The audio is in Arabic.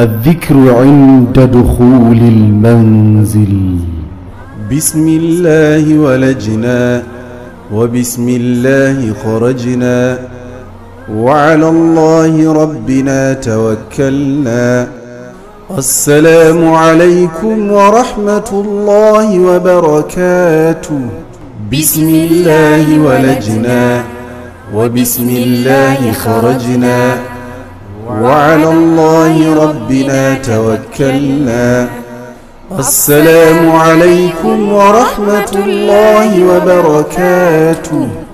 الذكر عند دخول المنزل بسم الله ولجنا وبسم الله خرجنا وعلى الله ربنا توكلنا السلام عليكم ورحمة الله وبركاته بسم الله ولجنا وبسم الله خرجنا وعلى الله ربنا توكلنا السلام عليكم ورحمة الله وبركاته